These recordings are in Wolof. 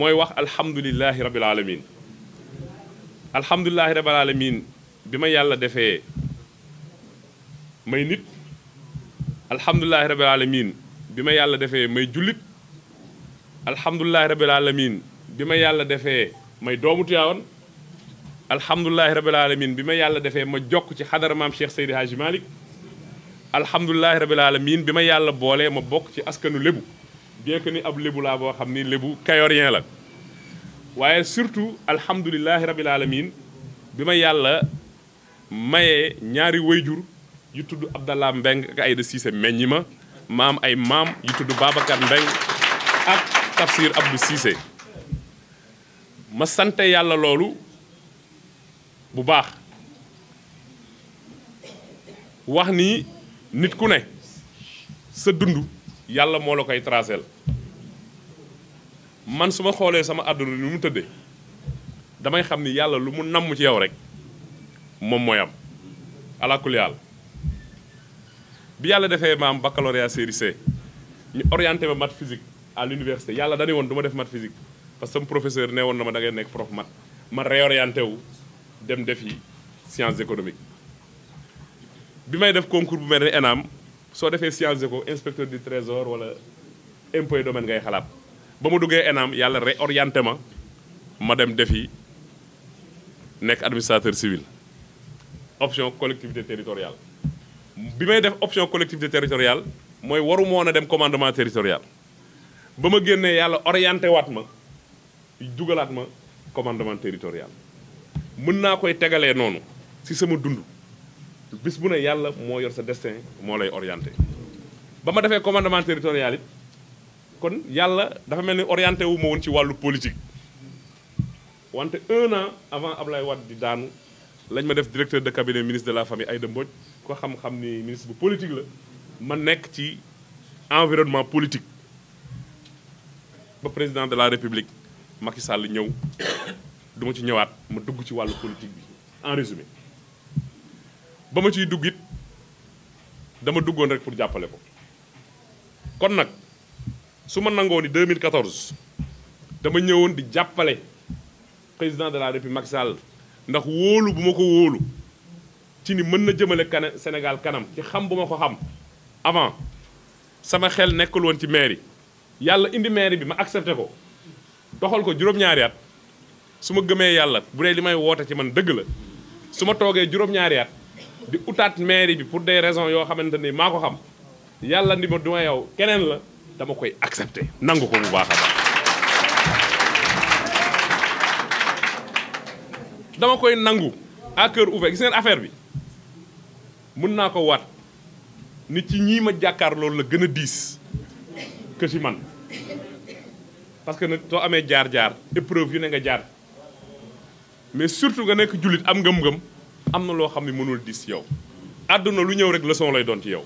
mooy wax alhamdulilahi rabil alamin alhamdulilahi rabil alamin bi ma yàlla defee may nit alhamdulilahi rabil bi ma yàlla defee may jullit alhamdulilahi rabil alamin bi ma yàlla defee may doomu Tiwaawan alhamdulilahi rabil alamin bi ma yàlla defee ma jokk ci xadara maam Cheikh Seydi Hadji Malick alhamdulilahi rabil alamin bi ma yàlla boolee ma bokk ci askanu lépp bien que ni ab lébu laa boo xam ni lébu kayorien la waaye surtout alhamdulilahi rabil alamin bi ma yàlla mayee ñaari wayjur yu tudd Abdallah Mbeng ak Ayda Siise meññi ma maam ay maam yu tudd Babacar Mbeng ak Tafsir Abdou Siise ma sante yàlla loolu bu baax wax ni nit ku ne sa dund yàlla moo la koy trasel man su ma xoolee sama àdduna ni mu tëddee damay xam ni yàlla lu mu namm ci yow rek moom mooy am alakul yàlla bi yàlla defee ma am baccalauréat série C ñu orienté ma mat physique à l'université yàlla dañu woon du ma def math physique parce que sama professeur nee woon na ma da nekk prof math ma réorienté wu dem defi sciences économiques bi may def concours bu mel ne ENAM soo defee science ko inspecteur du trésor wala impôt et domaine ngay xalaat ba ma duggee ENAM yàlla réorienté ma ma dem defi nekk administrateur civil option collectivité territoriale bi may def option collectivité territoriale mooy waru moon dem commandement territorial ba ma génnee yàlla orienté waat ma jugalaat ma commandement territorial mën naa koy tegalee noonu si sama dund bis bu ne yàlla moo yor sa destin moo lay orienté ba ma defee commandement territorial it kon yàlla dafa mel ni orienté wu ma woon ci wàllu politique wante un an avant Ablaye Wade di daanu lañ ma def directeur de cabinet ministre de la famille Aïda Mbodj ko xam-xam ni ministre bu politique la ma nekk ci environnement politique ba président de la république Macky Sall ñëw duma ci ñëwaat ma dugg ci wàllu politique bi en résumé ba ma ciy dugg it dama duggoon rek pour jàppale ko kon nag su ma nangoo ni 2014 dama ñëwoon di jàppale président de la république Macky Sall ndax wóolu bu ma ko wóolu ci ni mën na jëmale kan Sénégal kanam ci xam bu ma ko xam avant sama xel nekkul woon ci mairie yàlla indi mairie bi ma accepté ko doxal ko juróom-ñaari su ma gëmee yàlla bu dee li may woote ci man dëgg la su ma toogee juróom-ñaari di utaat mairie bi pour des raisons yoo xamante ni maa ko xam yàlla ni ma duma yow keneen la dama koy accepter nangu ko bu baax a dama koy nangu à cœur ouvert gis ngeen affaire bi mun naa ko waat nit ci ñii ma jàkkaar loolu la gën a diis que ci man parce que nag soo amee jaar-jaar épreuve yu ne nga jaar mais surtout nga nekk jullit am ngëm-ngëm am na loo xam ne mënul dis yow àdduna lu ñëw rek leçon lay doon ci yow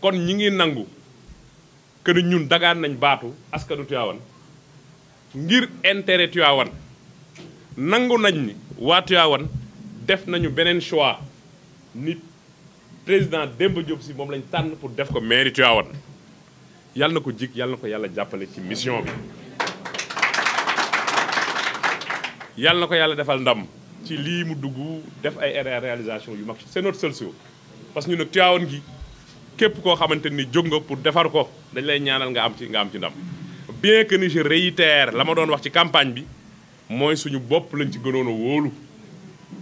kon ñi ngi nangu que ñun dagaan nañ baatu askanu Tivaouane ngir intérêt Tivaouane nangu nañ ni waa Tivaouane def nañu beneen choix nit président Demba Diop si moom lañ tànn pour def ko mairie Tivaouane yàlla na ko jig yàlla na ko yàlla jàppale ci mission bi yàlla na ko yàlla defal ndam ci lii mu dugg def ay réalisation yu mag c'est notre seul parce que ñu ne Tivaouane gi képp koo xamante ni jóg nga pour defar ko dañ lay ñaanal nga am ci nga am ci ndam bien que ni je réitère la ma doon wax ci campagne bi mooy suñu bopp lañ ci gënoon a wóolu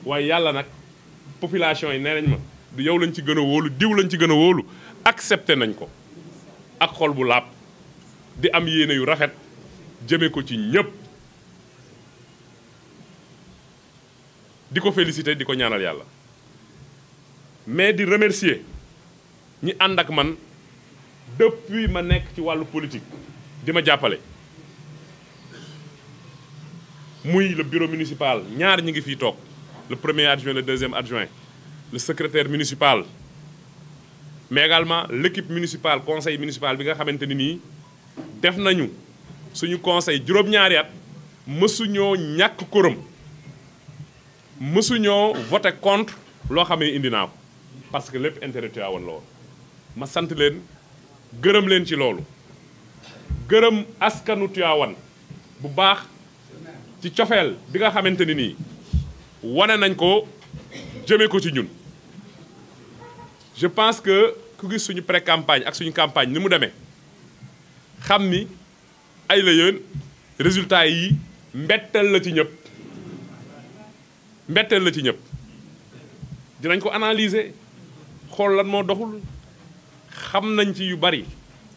waaye yàlla nag population yi nee nañ ma du yow lañ ci gën a wóolu diw lañ ci gën a wóolu accepté nañ ko ak xol bu laab di am yéene yu rafet jëme ko ci ñëpp di ko féliciter di ko ñaanal yàlla mais di remercier ñi ànd ak man depuis ma nekk ci wàllu politique di ma jàppale muy le bureau municipal ñaar ñi ngi fii toog le premier adjoint le deuxième adjoint le secrétaire municipal mais également l'équipe municipale conseil municipal bi nga xamante ni nii def nañu suñu conseil juróom-ñaari at mësuñoo ñàkk korom mësuñoo voté contre loo xamee indi naa ko parce que lépp intérêt Tivaouane la woon ma sant leen gërëm leen ci loolu gërëm askanu Tivaouane bu baax ci cofeel bi nga xamante ni nii wane nañ ko jëmee ko ci ñun je pense que ku gis suñu pré campagne ak suñu campagne ni mu demee xam ni ay la yéen résultat yi mbettal la ci ñëpp mbetteel la ci ñëpp dinañ ko analyser xool lan moo doxul xam nañ ci yu bari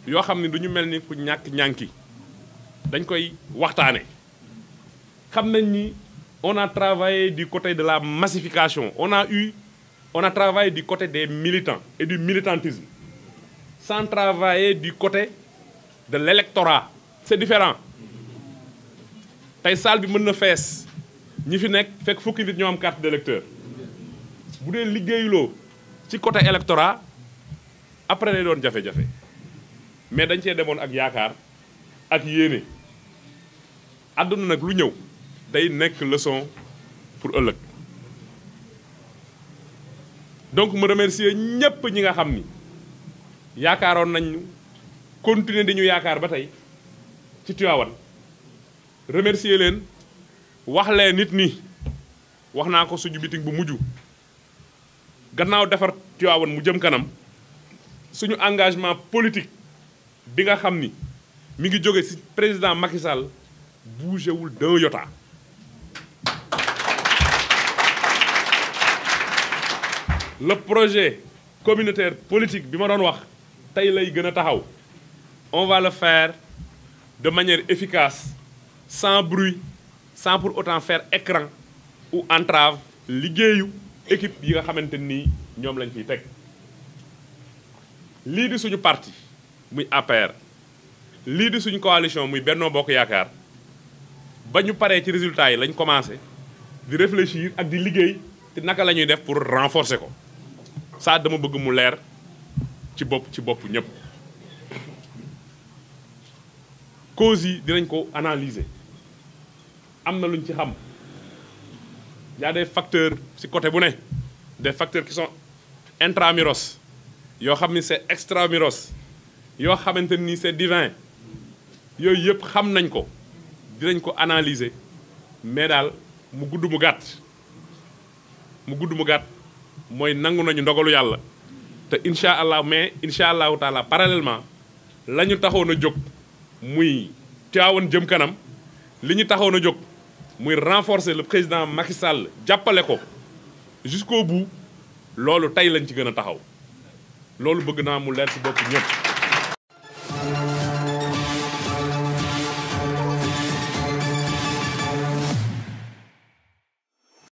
yoo xam ne duñu mel ni ku ñàkk ñànki dañ koy waxtaane xam nañ ni on a travaillé du côté de la massification on a eu on a travaillé du côté des militants et du militantisme sans travailler du côté de l'électorat c'est différent tey salle bi mën na fees ñi fi nekk fekk fukki nit ñoo am carte d'électeur bu dee liggéeyuloo ci côté électorat après day doon jafe-jafe mais dañ cee demoon ak yaakaar ak yéene àdduna nag lu ñëw day nekk leçon pour ëllëg donc ma remercier ñépp ñi nga xam ni yaakaaroon nañ ñu continuer di ñu yaakaar ba tey ci Tivaouane remercier leen wax lee nit ni wax naa ko suñu meeting bu mujj gannaaw defar Tiwaawan mu jëm kanam suñu engagement politique bi nga xam ni mi ngi jóge ci président Macky Sall bougé wul d'un iota le projet communautaire politique bi ma doon wax tey lay gën a taxaw on va le faire de manière efficace sans bruit sans pour autant faire écran ou entrave liggéeyu équipe yi nga xamante nii ñoom lañ fiy teg lii di suñu parti muy APR lii di suñu coalition muy Benno Bokk Yaakaar ba ñu paree ci résultats yi lañ commencé di réfléchir ak di liggéey te naka la ñuy def pour renforcer ko ça dama bëgg mu leer ci bopp ci bopp ñëpp causes yi dinañ ko analyser am na lu luñ ci xam y a des facteurs ci côté bu ne des facteurs qui sont intramuros yoo xam ni c'est extramuros yoo xamante ni c'est divin yooyu yëpp xam nañ ko dinañ ko analyser mais daal mu gudd mu gàtt mu gudd mu gàtt mooy nangu nañu ndogalu yàlla te incha allah mais incha allahu taala parallèlement la ñu taxoon a jóg muy Tiwaawan jëm kanam li ñu taxoon na jóg muy renforcer le président Macky Sall jàppale ko jusqu'au bu loolu tey lañ ci gën a taxaw loolu bëgg naa mu leer si bopp ñëpp.